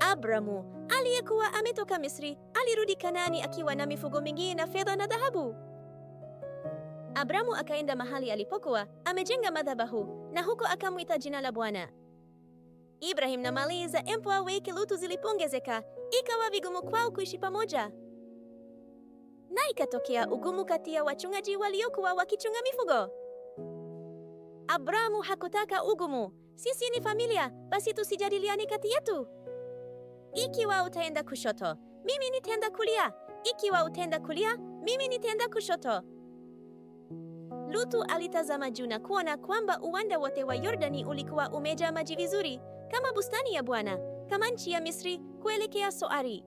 Abramu aliyekuwa ametoka Misri alirudi Kanaani akiwa na mifugo mingi na fedha na dhahabu. Abramu akaenda mahali alipokuwa amejenga madhabahu na huko akamwita jina la Bwana. Ibrahim na mali za mpwa wake Lutu zilipoongezeka, ikawa vigumu kwao kuishi pamoja, na ikatokea ugumu kati ya wachungaji waliokuwa wakichunga mifugo. Abramu hakutaka ugumu. Sisi ni familia, basi tusijadiliane kati yetu. Ikiwa utaenda kushoto, mimi nitaenda kulia. Ikiwa utaenda kulia, mimi nitaenda kushoto. Lutu alitazama juu na kuona kwamba uwanda wote wa Yordani ulikuwa umejaa maji vizuri, kama bustani ya Bwana, kama nchi ya Misri kuelekea Soari.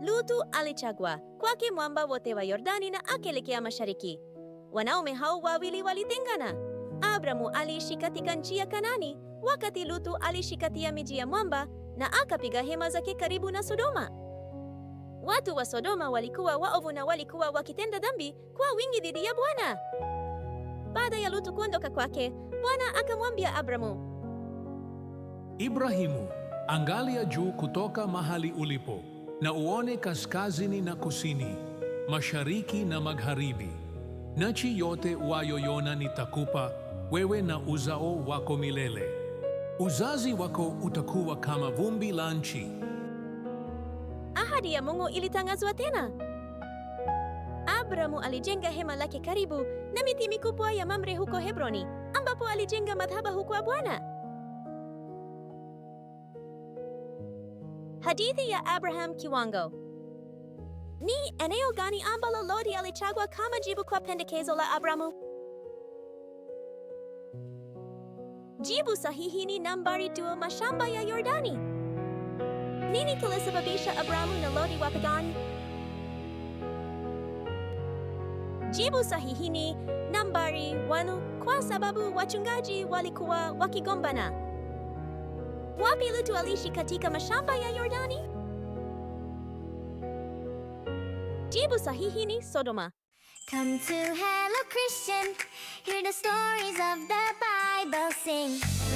Lutu alichagua kwake mwamba wote wa Yordani na akaelekea mashariki. Wanaume hao wawili walitengana. Abramu aliishi katika nchi ya Kanani, wakati Lutu aliishi miji ya mwamba na akapiga hema zake karibu na Sodoma. Watu wa Sodoma walikuwa waovu na walikuwa wakitenda dhambi kwa wingi dhidi ya Bwana. Baada ya Lutu kuondoka kwake, Bwana akamwambia Abramu, Ibrahimu, angalia juu kutoka mahali ulipo na uone kaskazini na kusini, mashariki na magharibi. Nchi yote wayoyona nitakupa wewe na uzao wako milele. Uzazi wako utakuwa kama vumbi la nchi. Ahadi ya Mungu ilitangazwa tena. Abramu alijenga hema lake karibu na miti mikubwa ya Mamre huko Hebroni, ambapo alijenga madhabahu kwa Bwana. Hadithi ya Abraham kiwango. Ni eneo gani ambalo lodi alichagua kama jibu kwa pendekezo la Abramu? Jibu sahihi ni nambari tu mashamba ya Yordani. Nini kilisababisha Abramu na Loti wapigana? Jibu sahihi ni nambari wanu, kwa sababu wachungaji walikuwa wakigombana. Wapi Lutu aliishi katika mashamba ya Yordani? Jibu sahihi ni Sodoma. Come to Hello Christian. Hear the stories of the Bible sing.